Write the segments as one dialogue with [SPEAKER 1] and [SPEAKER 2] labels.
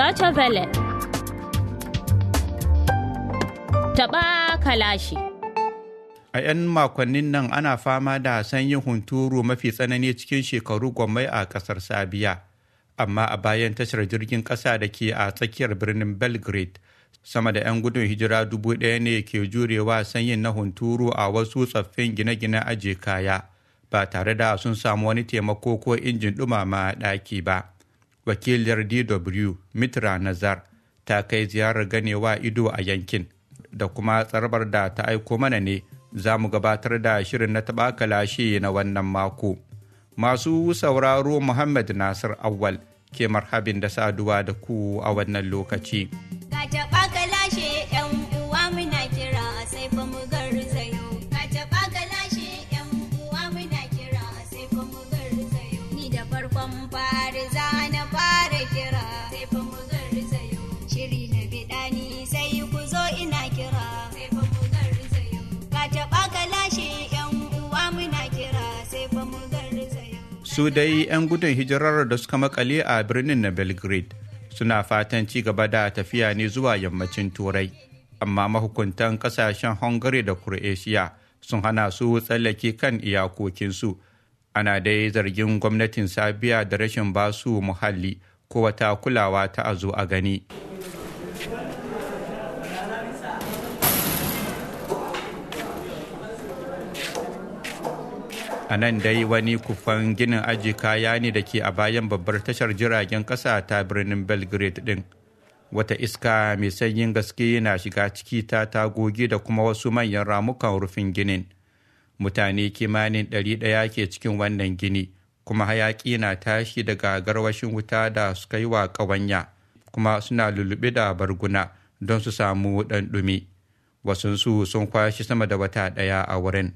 [SPEAKER 1] Deutsche Welle. Taɓa kalashi.
[SPEAKER 2] A 'yan makonnin nan ana fama da sanyin hunturu mafi tsanani cikin shekaru gwamnati a ƙasar Sabiya. Amma a bayan tashar jirgin ƙasa da ke a tsakiyar birnin Belgrade, sama da 'yan gudun hijira dubu ɗaya ne ke jurewa sanyin na hunturu a wasu tsaffin gine-gine aje kaya, ba tare da sun samu wani taimako ko injin ɗumama ɗaki ba. wakiliyar dw mitra nazar ta kai ziyarar ganewa ido a yankin da kuma tsarbar da ta aiko mana ne za mu gabatar da shirin na taɓa lashe na wannan mako masu sauraro muhammad nasir awal ke marhabin da saduwa da ku a wannan lokaci. su dai 'yan gudun hijirar da suka makale a birnin na belgrade suna fatan ci gaba da tafiya ne zuwa yammacin turai amma mahukuntan kasashen hungary da croatia sun hana su tsallake kan iyakokinsu ana dai zargin gwamnatin sabiya da rashin basu muhalli ko wata kulawa ta a a gani a nan dai wani kufan ginin aji kaya ne da ke a bayan babbar tashar jiragen ƙasa ta birnin belgrade din wata iska mai sanyin gaske na shiga ciki ta tagogi da kuma wasu manyan ramukan rufin ginin mutane kimanin ɗari ɗaya ke cikin wannan gini kuma hayaƙi na tashi daga garwashin wuta da suka yi wa ƙawanya kuma suna lulluɓe da barguna don su samu ɗan Wasu wasunsu sun kwashi sama da wata ɗaya a wurin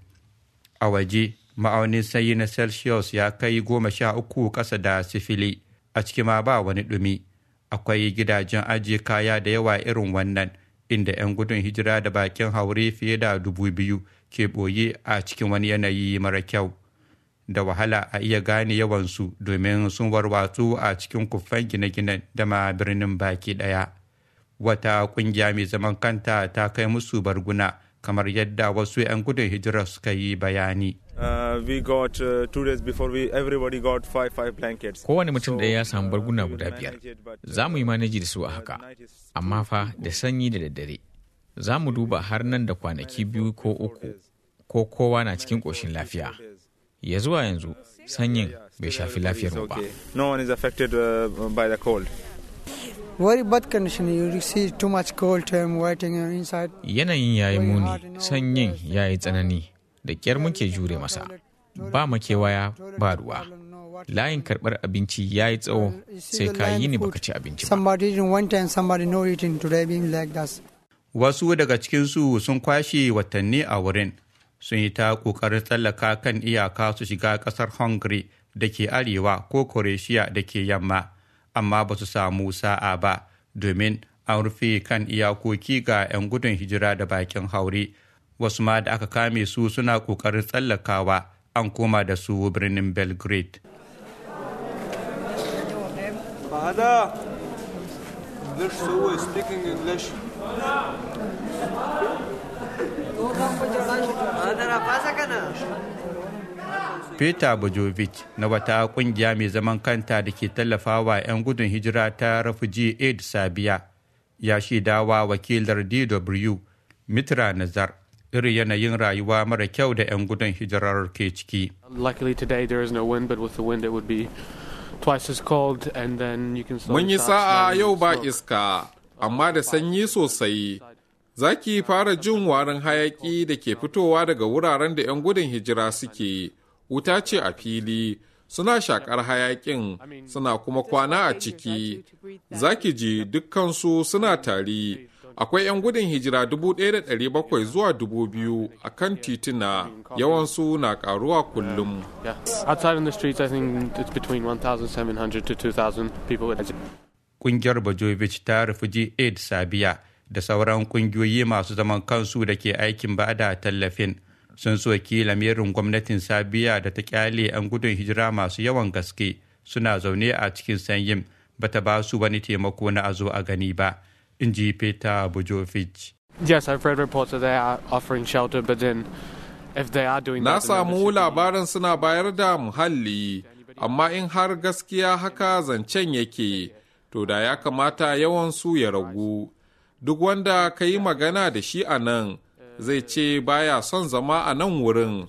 [SPEAKER 2] a waje ma'aunin sanyi na celsius ya kai goma sha uku ƙasa da sifili a ciki ma ba wani ɗumi akwai gidajen ajiye kaya da yawa irin wannan inda 'yan gudun hijira da bakin haure fiye da dubu biyu ke boye a cikin wani yanayi mara kyau da wahala a iya gane yawansu domin sun warwatsu a cikin kuffan gine-ginen da ma birnin baki ɗaya wata ƙungiya mai zaman kanta ta kai musu barguna kamar yadda wasu 'yan gudun hijira suka yi bayani.
[SPEAKER 3] Kowane mutum ɗaya ya samu barguna uh, guda biyar. Uh, Za mu yi manaji da su a haka, amma fa da sanyi da daddare. Za mu duba har nan da kwanaki biyu ko uku, ko kowa na cikin ƙoshin lafiya. Ya zuwa yanzu, sanyin bai shafi lafiyar mu ba. Uh, Yanayin ya yi muni, sanyin ya yi tsanani, da ƙyar muke jure masa. Ba makewaya ba ruwa. Layin karɓar
[SPEAKER 2] abinci ya yi tsawo sai ka yi ni baka ci abinci ba. Wasu daga cikinsu sun kwashe watanni a wurin. Sun yi ta ƙoƙarin tsallaka kan iyaka su shiga ƙasar Hungary da ke arewa ko Croatia da ke yamma. amma ba su samu sa'a ba domin an rufe kan iyakoki ga 'yan gudun hijira da bakin haure wasu ma da aka kame su suna kokarin tsallakawa an koma da su birnin belgrade English. peter bojovic na wata kungiya mai zaman kanta da ke tallafawa 'yan gudun hijira ta refugee aid sabiya ya dawa wakilar dw mitra nazar irin yanayin rayuwa mara kyau da 'yan gudun hijirar ke ciki
[SPEAKER 4] mun yi sa'a yau ba iska amma da sanyi sosai za ki fara jin warin hayaki da ke fitowa daga wuraren da 'yan gudun hijira suke wuta ce a fili suna shakar hayakin suna kuma kwana a ciki zaki ki ji dukkansu suna tari akwai 'yan gudun hijira 1,700 zuwa 2,000 a kan tituna yawansu na karuwa kullum
[SPEAKER 2] Kungiyar bajovic ta rufuji Aid Sabiya da sauran kungiyoyi masu zaman kansu da ke aikin ba da tallafin sun soki lamirin gwamnatin sabiya da ta kyale 'yan gudun hijira masu yawan gaske suna zaune a cikin sanyin bata ba su wani taimako na azo a gani ba in ji peter bujovic
[SPEAKER 4] yes i've read reports that they are offering shelter but then if they are doing na samu labarin suna bayar da muhalli amma in har gaskiya haka zancen yake to da ya kamata yawan su ya ragu duk wanda ka yi magana da shi a nan zai ce baya son zama a nan wurin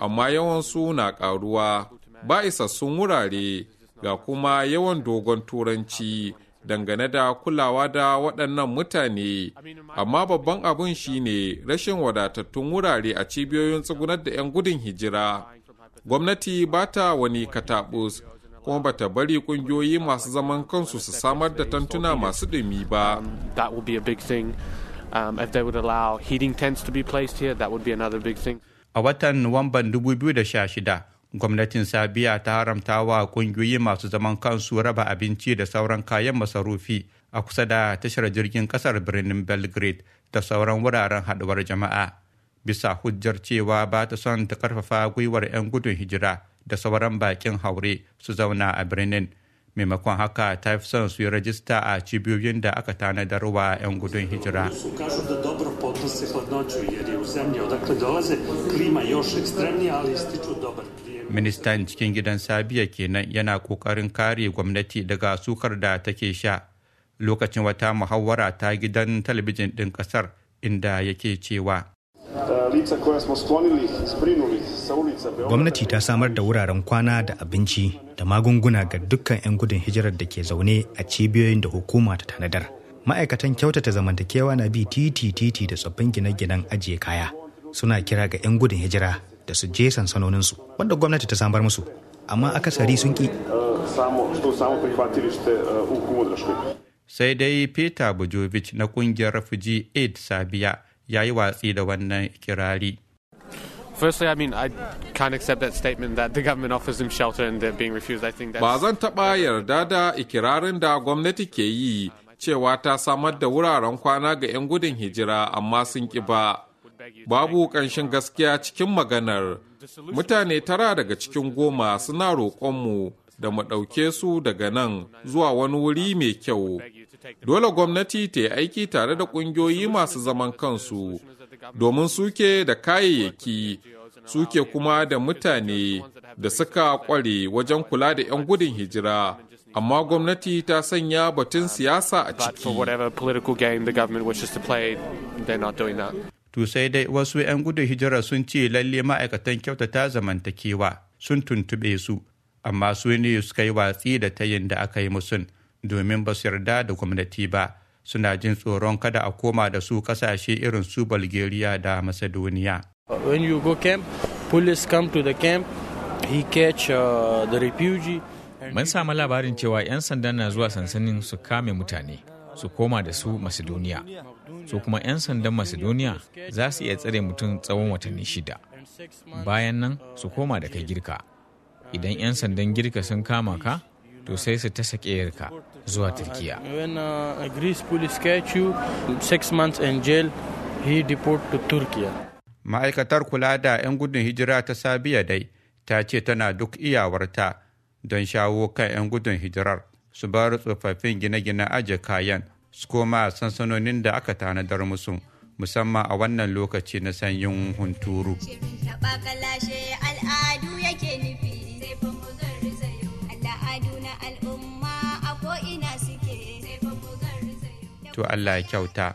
[SPEAKER 4] amma yawansu na ƙaruwa ba isassun wurare ga kuma yawan dogon turanci dangane da kulawa da waɗannan mutane amma babban abin shine rashin wadatattun wurare a cibiyoyin tsugunar da 'yan gudun hijira gwamnati ba ta wani katabus kuma ba ta bari ƙungiyoyi masu zaman kansu su samar da tantuna masu ɗumi ba Um, if they would allow heating tents to be placed here, that would be another big thing.
[SPEAKER 2] A watan Nuwamban 2016, gwamnatin Sabiya ta haramta wa kungiyoyi masu zaman kansu raba abinci da sauran kayan masarufi a kusa da tashar jirgin kasar birnin Belgrade da sauran wuraren haɗuwar jama'a. Bisa hujjar cewa ba ta son ta karfafa gwiwar 'yan gudun hijira da sauran bakin haure su zauna a birnin maimakon haka ta fi son su yi rajista a cibiyoyin da aka tanadar wa 'yan gudun hijira ministan cikin gidan sabiya kenan yana ƙoƙarin kare gwamnati daga sukar da take sha lokacin wata muhawara ta gidan talabijin ɗin ƙasar inda yake cewa
[SPEAKER 1] Gwamnati
[SPEAKER 3] ta samar da wuraren kwana da abinci da magunguna ga dukkan 'yan gudun hijirar da ke zaune a cibiyoyin da hukuma ta tanadar. Ma'aikatan kyautata zamantakewa na bi titi-titi da tsoffin gine-ginen ajiye kaya. Suna kira ga 'yan gudun hijira da su je sansanoninsu wanda gwamnati ta samar musu. Amma akasari sun ki. Eh,
[SPEAKER 2] Sai dai Peter Bujovic na kungiyar Refugee Aid Sabiya ya yi watsi da wannan kirari.
[SPEAKER 4] Firstly, I mean, I can't accept that statement that the government offers them shelter and they're being refused. I think that's... Ba zan taɓa yarda da ikirarin da gwamnati ke yi cewa ta samar da wuraren kwana ga 'yan gudun hijira amma sun ƙi ba. Babu ƙanshin gaskiya cikin maganar. Mutane tara daga cikin goma suna roƙonmu da mu ɗauke su daga nan zuwa wani wuri mai kyau Dole gwamnati ta yi aiki tare da ƙungiyoyi masu zaman kansu domin suke da kayayyaki suke kuma da mutane da suka ƙware wajen kula da 'yan gudun hijira. Amma gwamnati ta sanya batun um, siyasa a ciki.
[SPEAKER 2] To sai dai wasu 'yan gudun hijira sun ce lalle ma'aikatan kyautata zamantakewa sun tuntube su, amma su ne suka yi watsi da tayin da aka yi musun. domin ba su yarda da gwamnati ba suna jin tsoron kada a koma da su kasashe irin su bulgaria da macedonia
[SPEAKER 4] when you go camp police come to the camp he catch uh, the refugee
[SPEAKER 3] mun samu labarin cewa 'yan sandan na zuwa sansanin su kame mutane su koma da su macedonia su kuma 'yan sandan macedonia za su iya tsare mutum tsawon watanni shida bayan nan su koma da kai girka idan 'yan sandan girka sun kama ka to sai su ta sake ka zuwa uh,
[SPEAKER 2] turkiya ma'aikatar kula da 'yan gudun hijira ta sabiya dai ta ce tana duk iyawarta don shawo kan 'yan gudun hijirar su bar tsofaffin gine-gine aje kayan su koma sansanonin da aka tanadar musu musamman a wannan lokaci na sanyin hunturu. to Allah ya kyauta.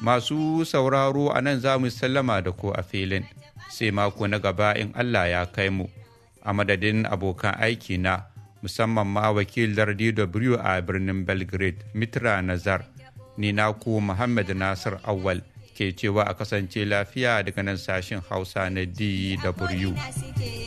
[SPEAKER 2] Masu sauraro a nan za mu sallama da ku a filin, sai mako na gaba in Allah ya kai mu, a madadin abokan aiki na musamman ma wakilar DW a birnin Belgrade, Mitra Nazar, ni ku Muhammad Nasir Awal ke cewa a kasance lafiya daga nan sashen Hausa na DW.